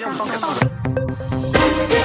要放个炮。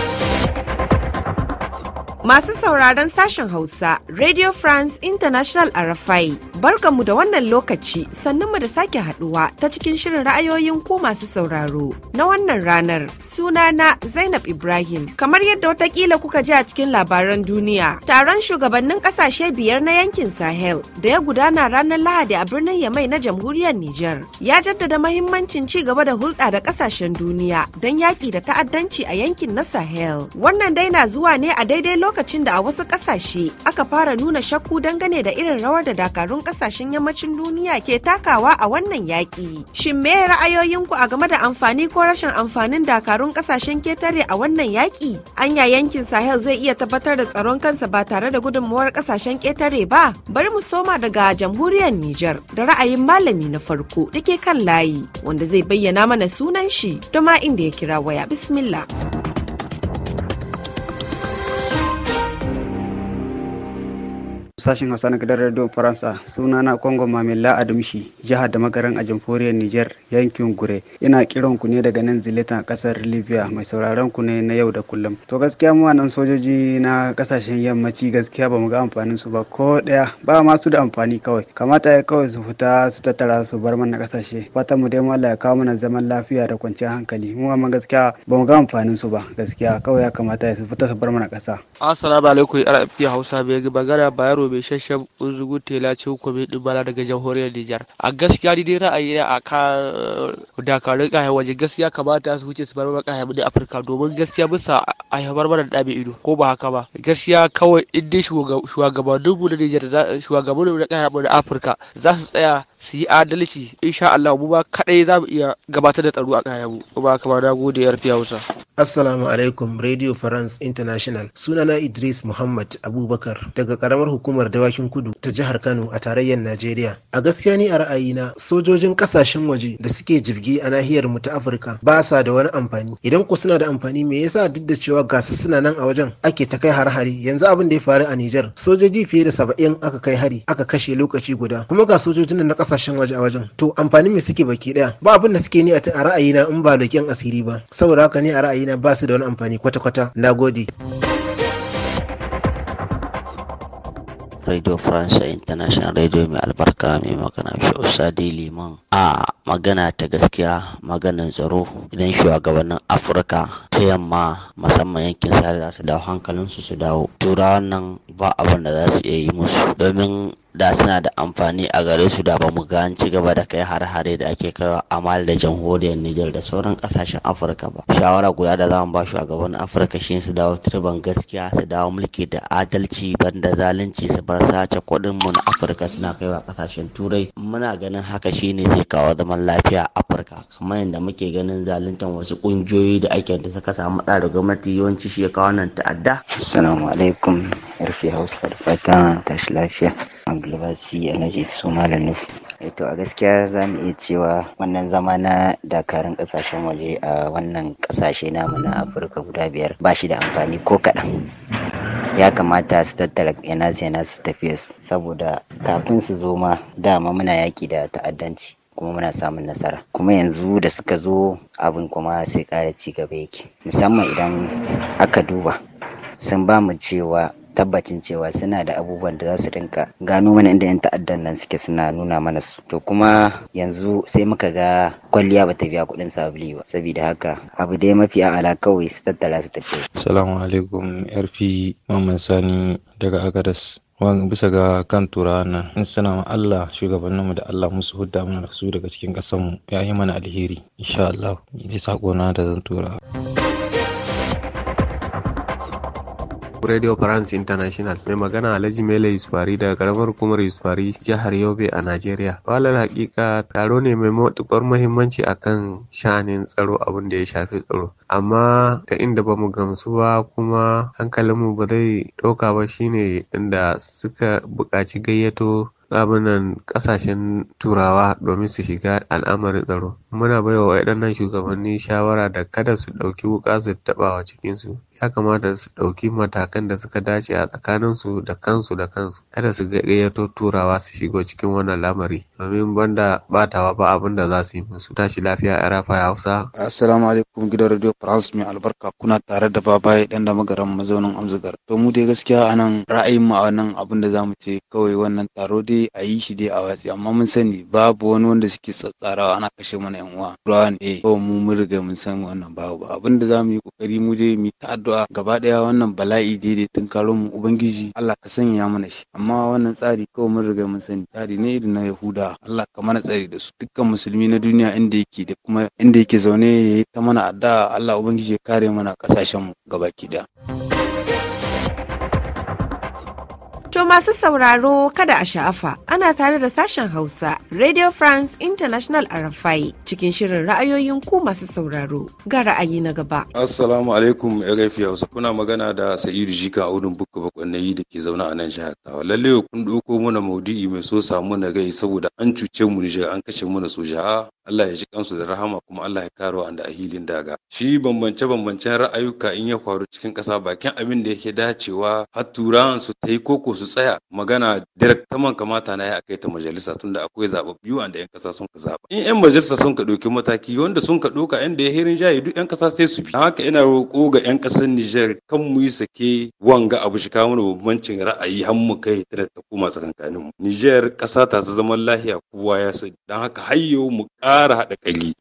Masu sauraron sashen Hausa, Radio France International a Rafai, barkanmu da wannan lokaci sannunmu da sake haduwa ta cikin shirin ra'ayoyin ko masu sauraro na wannan ranar. Suna na Zainab Ibrahim, kamar yadda watakila kuka ji a cikin labaran duniya, taron shugabannin kasashe biyar na yankin Sahel da ya gudana ranar Lahadi a birnin Yamai na jamhuriyar Nijar ya jaddada mahimmancin ci gaba da hulɗa da kasashen duniya don yaƙi da ta'addanci a yankin na Sahel. Wannan dai na zuwa ne a daidai lokacin lokacin da a wasu ƙasashe aka fara nuna shakku dangane da irin rawar da dakarun ƙasashen yammacin duniya ke takawa a wannan yaƙi. Shin me ra'ayoyinku a game da amfani ko rashin amfanin dakarun ƙasashen ketare a wannan yaƙi? Anya yankin Sahel zai iya tabbatar da tsaron kansa ba tare da gudunmuwar ƙasashen ketare ba? Bari mu soma daga jamhuriyar Nijar da ra'ayin malami na farko da ke kan layi wanda zai bayyana mana sunan shi da ma inda ya kira waya. Bismillah. sashen hausa na gidan radio faransa suna na kongo mamilla adamshi jihar da magaran a jamhuriyar niger yankin gure ina kiran ku ne daga nan zileta kasar libya mai sauraron ku ne na yau da kullum to gaskiya mu nan sojoji na kasashen yammaci gaskiya ba mu ga amfanin su ba ko daya ba ma su da amfani kawai kamata ya kawai su fita su tattara su bar mana kasashe fatan mu dai Allah ya kawo mana zaman lafiya da kwanciyar hankali mu amma gaskiya ba mu ga amfanin su ba gaskiya kawai ya kamata ya su fita su bar mana kasa assalamu alaikum rfi hausa bai ga bagara bayaro mai shashab unzugu tela cinku din bala daga jamhuriyar Nijar. A gaskiya ni dai ra'ayi a kan eh, dakarun kaya waje gaskiya kamata su wuce su bar mana kaya mu Afirka domin gaskiya bisa a yi mana da ido ko ba haka ba. Gaskiya kawai in dai shugabannin mu na Nijar shugabannin mu na kaya mu na Afirka za su tsaya su yi adalci insha Allah mu ba kadai za mu iya gabatar da tsaro a kaya mu. Ba kamar na gode yarfi Hausa. Assalamu alaikum Radio France International sunana Idris Muhammad Abubakar daga karamar hukumar dawakin kudu ta jihar Kano a tarayyar Najeriya. A gaskiya ni a ra'ayina sojojin kasashen waje da suke jirgi a nahiyar mu ta Afirka ba sa da wani amfani. Idan ku suna da amfani me yasa duk da cewa gasu suna nan a wajen ake ta kai har-hari yanzu abin da ya faru a Nijar, sojoji fiye da saba'in aka kai hari aka kashe lokaci guda kuma ga sojojin na kasashen waje a wajen to amfani me suke baki daya ba abin da suke ni a ra'ayina in ba leƙen asiri ba saboda haka ni a ra'ayi ra'ayi na ba su da wani amfani kwata-kwata na gode Radio France International Radio mai albarka mai magana Shausa Liman a magana ta gaskiya maganin tsaro idan shugabannin Afirka yamma musamman yankin sare za su dawo hankalinsu su dawo turawan nan ba abin da za su iya yi musu domin da suna da amfani a gare su da bamu ga ci gaba da kai har-hare da ake kaiwa a mali da jamhuriyar Nijar da sauran kasashen Afirka ba. Shawara guda da zamu ba shugaban Afirka shi su dawo turban gaskiya su dawo mulki da adalci banda zalunci su bar sace kuɗin mu na Afirka suna kaiwa kasashen Turai. Muna ganin haka shine zai kawo zaman lafiya a Afirka kamar yadda muke ganin zaluntan wasu ƙungiyoyi da ake da suka samu matsala da gwamnati yawanci shi ya kawo nan ta'adda. Assalamu alaikum Yarfe hausa da fata tashi lafiya. Abdulbasi Alhaji su malam eh to a gaskiya za mu iya cewa wannan zama na dakarun kasashen waje a wannan kasashe namu na afirka guda biyar ba shi da amfani ko kaɗan ya kamata su tattara yana su tafiya saboda kafin su zo ma dama muna yaƙi da ta'addanci kuma muna samun nasara kuma yanzu da suka zo abin kuma sai ƙara ci gaba yake musamman idan aka duba sun ba mu cewa tabbacin cewa suna da abubuwan da za su rinka gano mana inda 'yan ta'addan nan suke suna nuna mana su to kuma yanzu sai muka ga kwalliya ba ta biya kuɗin sabuli ba saboda haka abu dai mafi a'ala kawai su tattara su tafiya. salamu alaikum yarfi mamman sani daga agadas wani bisa ga kan turawa nan in suna ma Allah shugabanninmu da Allah musu hudda mana da su daga cikin ƙasarmu ya yi mana alheri insha Allah ne sako na da zan tura. Radio France International mai magana Alhaji Mele Yusufari daga karamar hukumar Yusufari jihar Yobe a Najeriya. Walar hakika taro ne mai matukar muhimmanci akan sha'anin tsaro abin da ya shafi tsaro. Amma ta inda ba mu gamsu ba kuma hankalinmu ba zai ɗauka ba shine inda suka buƙaci gayyato abunan kasashen turawa domin su shiga al'amarin tsaro muna baiwa waɗannan shugabanni shawara da kada su ɗauki wuƙa su taɓa wa cikinsu ya kamata su ɗauki matakan da suka dace a tsakanin su da kansu da kansu kada su ga gayyato turawa su shigo cikin wannan lamari domin banda batawa ba abin da za su yi musu tashi lafiya a rafa hausa assalamu alaikum gidan radio france mai albarka kuna tare da babaye dan da magaran mazaunin amzagar to mu dai gaskiya anan ra'ayin mu a nan abin da zamu ce kawai wannan taro dai a yi shi dai a watsi amma mun sani babu wani wanda suke tsatsarawa ana kashe mana yan uwa ruwa ne to eh, mu mun riga mun san wannan babu abin da zamu yi kokari mu dai mu ta'adda addu'a gaba daya wannan bala'i daidai tun karo mu ubangiji Allah ka sanya mana shi amma wannan tsari kawai mun riga mun sani tsari ne irin na Yahuda Allah ka mana tsari da su dukkan musulmi na duniya inda yake da kuma inda yake zaune ya yi ta mana addu'a Allah ubangiji ya kare mana kasashen mu gaba ki daya. To masu sauraro kada a sha'afa ana tare da sashen Hausa Radio France International a Rafai cikin shirin ra'ayoyin ku masu sauraro ga ra'ayi na gaba. Assalamu alaikum RFI Hausa kuna magana da Sa'idu Jika Audun Bukka Bakwannayi da ke zauna a nan jihar Tawa. Lalle kun ɗauko mana maudu'i mai so samu na gai saboda an cuce mu Nijar an kashe mu na soja. Ah, Allah ya ji kansu da rahama kuma Allah ya karo an da ahilin daga. Shi bambance bambancen ra'ayuka in ya faru cikin kasa bakin abin da yake dacewa har turawan su ta yi koko su su tsaya magana direk man kamata na yi a kai ta majalisa tunda akwai zababbiyu wanda 'yan kasa sun ka zaba in 'yan majalisa sun ka ɗauki mataki wanda sun ka ɗauka inda ya hirin jaye duk 'yan kasa sai su bi haka ina roƙo ga 'yan kasar niger kan mu yi sake wanga abu shi kawo mana bambancin ra'ayi har mu kai tare ta koma tsakankanin mu niger kasa ta zama lahiya kowa ya sani don haka hayyo mu ƙara haɗa ƙali.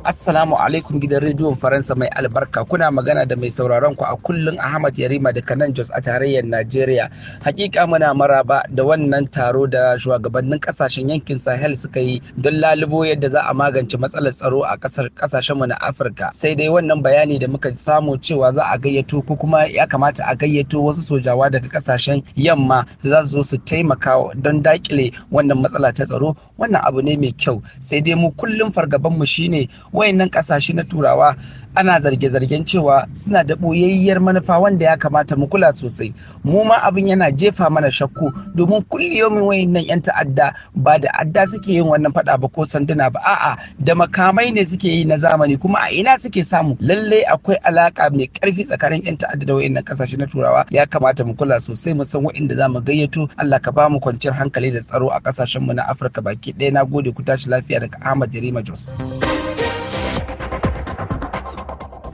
Assalamu alaikum gidan rediyon Faransa mai albarka kuna magana da mai sauraron ku a kullun Ahmad Yarima daga nan Jos a tarayyar Najeriya. Hakika muna maraba da wannan taro da shugabannin kasashen yankin Sahel suka yi don lalubo yadda za a magance matsalar tsaro a kasar kasashen mu na Afirka. Sai dai wannan bayani da muka samu cewa za a gayyato ko kuma ya kamata a gayyato wasu sojawa daga kasashen yamma za su zo su taimaka don dakile wannan matsala ta tsaro wannan abu ne mai kyau. Sai dai mu kullum fargaban mu shine wayannan kasashe na turawa ana zarge-zargen cewa suna da ɓoyayyiyar manufa wanda ya kamata mu kula sosai mu ma abin yana jefa mana shakku domin kulliyomin wayannan yan ta'adda ba da adda suke yin wannan fada ba ko sanduna ba a'a da makamai ne suke yi na zamani kuma a ina suke samu lalle akwai alaka mai karfi tsakanin yan ta'adda da wayannan kasashe na turawa ya kamata mu kula sosai mu san wayanda mu gayyato Allah ka ba mu kwanciyar hankali da tsaro a kasashen mu na Afirka baki ɗaya na gode ku tashi lafiya daga Ahmad Yarima Jos.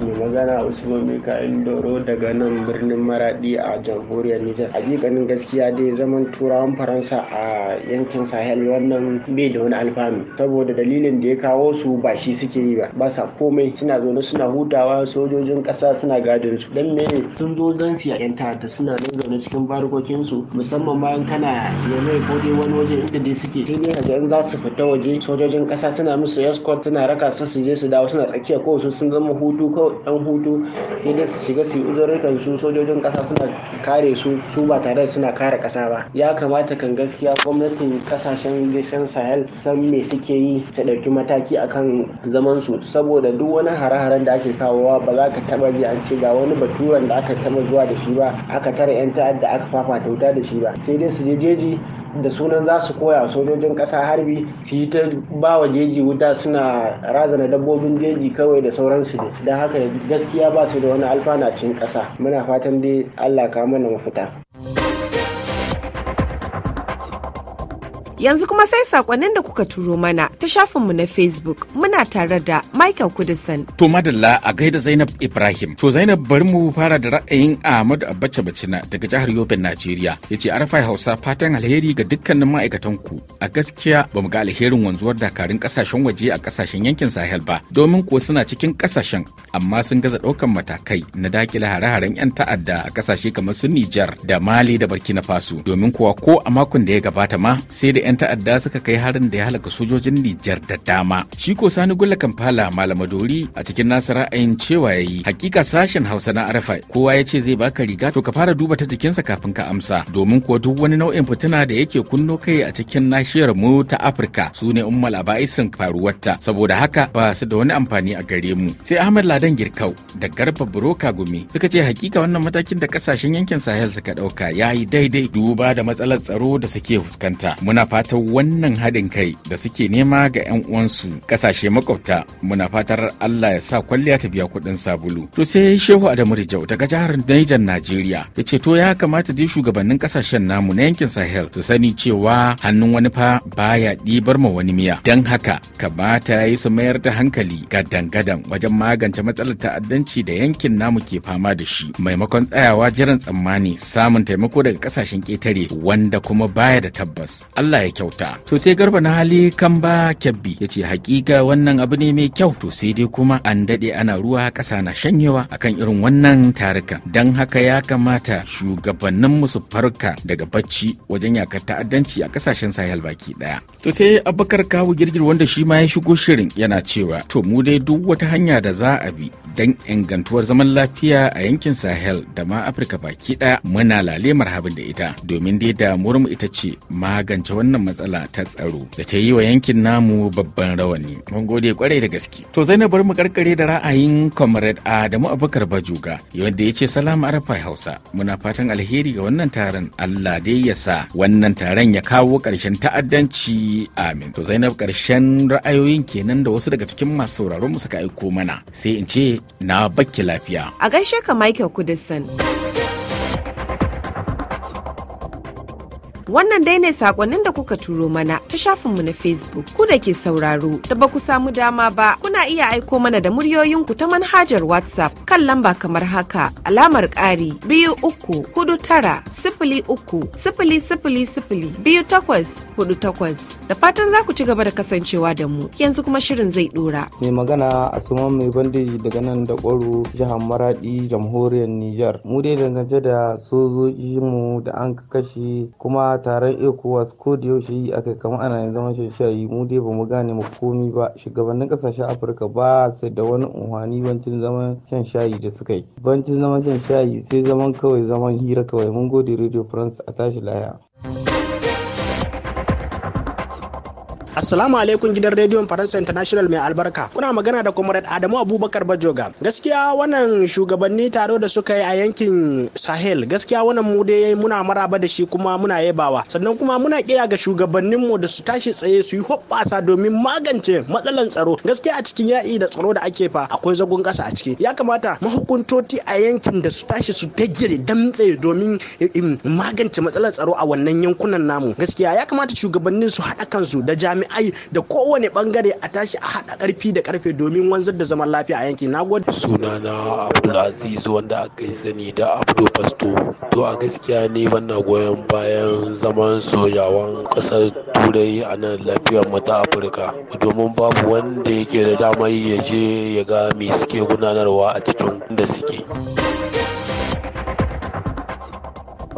mai magana usman mikael doro daga nan birnin maradi a jamhuriyar nijar hakikanin gaskiya dai zaman turawan faransa a yankin sahel wannan bai da wani alfanu saboda dalilin da ya kawo su ba shi suke yi ba ba sa komai suna zaune suna hutawa sojojin kasa suna gadin su dan me sun zo don siya yan tata suna nan zaune cikin barkokin su musamman bayan kana yamai ko dai wani waje inda dai suke sai dai in za su fita waje sojojin kasa suna musu escort suna raka su su je su dawo suna tsakiya ko su sun zama hutu ko dan hutu sai dai su shiga su uzurrukan su sojojin kasa suna kare su su ba tare da suna kare kasa ba ya kamata kan gaskiya gwamnatin kasashen gashin sahel san me suke yi su ɗauki mataki akan zaman su saboda duk wani hare-haren da ake kawowa ba za ka taba ji an ce ga wani baturan da aka taba zuwa da shi ba aka tara yan ta'adda aka fafata wuta da shi ba sai dai su je jeji da sunan za su koya sojojin ƙasa harbi su yi ta ba wa jeji wuta suna razana dabbobin jeji kawai da sauransu ne don haka gaskiya ba su da wani alfana cikin ƙasa muna fatan dai allah ka mana mafita Yanzu kuma sai sakonnin da kuka turo mana ta shafinmu na Facebook muna tare da Michael kudison To madalla a gaida Zainab Ibrahim. To Zainab bari mu fara da ra'ayin Ahmadu Abacha Bacina daga jihar Yobe Najeriya. Yace Arafai Hausa fatan alheri ga dukkanin ma'aikatan ku. A gaskiya ba mu ga alherin wanzuwar dakarun kasashen waje a kasashen yankin Sahel ba. Domin kuwa suna cikin kasashen amma sun gaza daukan matakai na dakile hare-haren 'yan ta'adda a kasashe kamar su Nijar da Mali da Burkina Faso. Domin kuwa ko a makon da ya gabata ma sai da 'yan ta'adda suka kai harin da ya halaka sojojin Nijar da dama. Shi ko Sani Gulla Kamfala Dori a cikin nasa ra'ayin cewa ya yi hakika sashen Hausa na Arafa kowa ya ce zai baka riga to ka fara duba ta jikinsa kafin ka amsa domin kuwa duk wani nau'in fitina da yake kunno kai a cikin nashiyar mu ta Afirka su ne ummal aba'isin faruwarta saboda haka ba su da wani amfani a gare mu. Sai Ahmad Ladan Girkau da Garba Buroka Gumi suka ce hakika wannan matakin da kasashen yankin Sahel suka ɗauka ya yi daidai duba da matsalar tsaro da suke fuskanta. Muna fatan wannan haɗin kai da suke nema ga 'yan uwansu kasashe makwabta muna fatar Allah ya sa kwalliya ta biya kuɗin sabulu. To sai Shehu Adamu Rijau daga jihar Niger Najeriya ya ce to ya kamata dai shugabannin ƙasashen namu na yankin Sahel su sani cewa hannun wani fa baya ɗibar ma wani miya. Don haka kamata ya yi su mayar da hankali gadan-gadan wajen magance matsalar ta'addanci da yankin namu ke fama da shi maimakon tsayawa jiran tsammani samun taimako daga ƙasashen ƙetare wanda kuma baya da tabbas. Allah ya kyauta to sai garba na hali kan ba kyabbi ya ce hakika wannan abu ne mai kyau to sai dai kuma an daɗe ana ruwa ƙasa na shanyewa akan irin wannan tarukan don haka ya kamata shugabannin musu farka daga bacci wajen yakar ta'addanci a ƙasashen sahel baki ɗaya to sai abakar kawo girgir wanda shi ma ya shigo shirin yana cewa to mu dai duk wata hanya da za a bi don ingantuwar zaman lafiya a yankin sahel da ma afirka baki ɗaya muna lalemar habin da ita domin dai damuwar mu ita ce magance wannan wannan matsala ta tsaro da ta yi wa yankin namu babban rawani. Mun gode kwarai da gaske. To Zainab bar mu karkare da ra'ayin Comrade Adamu Abubakar Bajuga wanda ya ce salamu arafa Hausa. Muna fatan alheri ga wannan taron Allah dai ya sa wannan taron ya kawo karshen ta'addanci amin. To Zainab karshen ra'ayoyin kenan da wasu daga cikin masu sauraron mu suka aiko mana sai in ce na bakki lafiya. A gaishe ka Michael Kudisan. Wannan dai ne sakonnin da kuka turo mana ta shafinmu na Facebook. Ku da ke sauraro da ba ku samu dama ba kuna iya aiko mana da muryoyinku ta manhajar WhatsApp kan lamba kamar haka alamar ƙari biyu uku hudu tara sifili uku sifili sifili sifili biyu takwas hudu takwas. Da fatan za ku ci gaba da kasancewa da mu yanzu kuma shirin zai dora. Mai magana a mai bandeji daga nan da kwaro jihar Maradi jamhuriyar Nijar. Mu dai dangance da sojojinmu da an kashe kuma a taron ECOWAS ko da yaushe yi akai kama ana yin zaman shayi mu dai bamu gane mu komi ba shugabannin kasashen Afirka ba su da wani unhwani bancin zaman shan shayi da suka yi bancin zaman shan shayi sai zaman kawai zaman hira kawai mun gode Radio France a tashi laya. Assalamu alaikum gidan rediyon Faransa International mai albarka. Kuna magana da Comrade Adamu Abubakar Bajoga. Gaskiya wannan shugabanni taro da suka yi a yankin Sahel gaskiya wannan mu dai muna maraba da shi kuma muna yabawa. Sannan kuma muna kira ga shugabannin mu da su tashi tsaye su yi hoɓɓasa domin magance matsalan tsaro. Gaskiya a cikin yaƙi da tsaro da ake fa akwai zagon ƙasa a ciki. Ya kamata mahukuntoti a yankin da su tashi su dagire damtse domin magance matsalar tsaro a wannan yankunan namu. Gaskiya ya kamata shugabannin su haɗa kansu da jami'a? a da kowane bangare a tashi a haɗa ƙarfi da ƙarfe domin wanzar da zaman lafiya a yankin nagode sunana abdulaziz wanda aka yi sani da abdul pasto to a gaskiya ne na goyon bayan zaman soyawan ƙasar turai a nan lafiyar mata afirka domin babu wanda yake da damar ya je ya ga me suke gudanarwa a cikin da suke.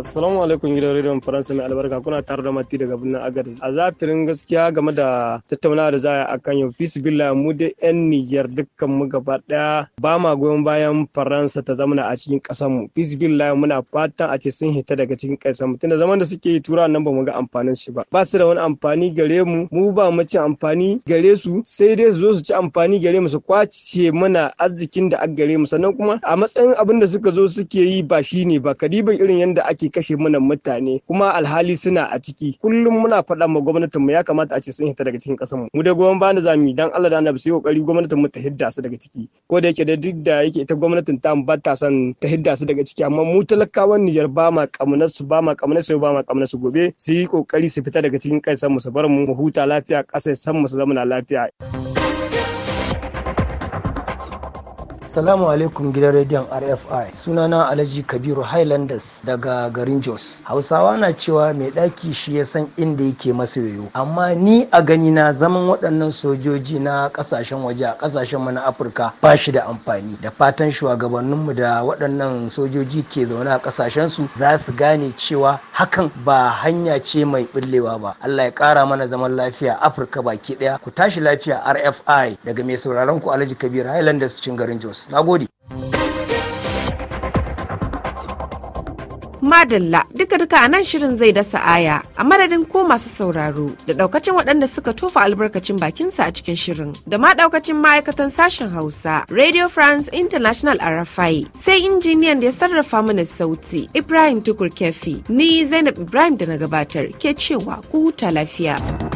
Assalamu alaikum gidan Radio Faransa mai albarka kuna tare da Mati daga birnin Agadez. A zafirin gaskiya game da tattaunawa da za a akan yau fisibila mu da 'yan Nijar dukkan mu gaba daya ba ma goyon bayan Faransa ta zamana a cikin ƙasar mu. Fisibila muna fatan a ce sun hita daga cikin ƙasar mu tunda zaman da suke yi tura nan ba mu ga amfanin shi ba. Ba su da wani amfani gare mu mu ba mu ci amfani gare su sai dai su zo su ci amfani gare mu su kwace mana arzikin da aka gare mu sannan kuma a matsayin abin da suka zo suke yi ba shine ba kadiban irin yadda ake kashe mana mutane kuma alhali suna a ciki kullum muna faɗa ma gwamnatin mu ya kamata a ce sun hita daga cikin ƙasar mu mu da gwamnati bani za mu dan Allah da annabi sai kokari gwamnatin mu ta hidda su daga ciki ko da yake da duk da yake ita gwamnatin ta ba ta son ta hidda su daga ciki amma mu talakawan Nijar ba ma kamunar su ba ma kamunar su ba ma kamunar su gobe su yi kokari su fita daga cikin ƙasar mu su bar mu huta lafiya ƙasar san mu su zama lafiya. Salamu alaikum gidan rediyon RFI. Sunana Alhaji Kabiru Highlanders daga garin Jos. Hausawa na cewa mai ɗaki shi ya san inda yake masa yoyo. Amma ni a gani na zaman waɗannan sojoji na ƙasashen waje a ƙasashen mana Afirka ba shi da amfani. Da fatan shugabanninmu da waɗannan sojoji ke zaune a ƙasashen su za su gane cewa hakan ba hanya ce mai ɓullewa ba. Allah ya ƙara mana zaman lafiya Afirka baki ɗaya. Ku tashi lafiya RFI daga mai sauraron ku Alhaji Kabiru Highlanders cikin garin Jos. Jos. Na gode. Madalla duka-duka a nan shirin zai dasa aya a madadin ko masu sauraro da daukacin waɗanda suka tofa albarkacin bakinsa a cikin shirin da ma daukacin ma'aikatan sashen Hausa Radio France International RFI sai injiniyan da ya sarrafa mana sauti Ibrahim Tukur Kefi ni Zainab Ibrahim da na gabatar ke cewa ku huta lafiya.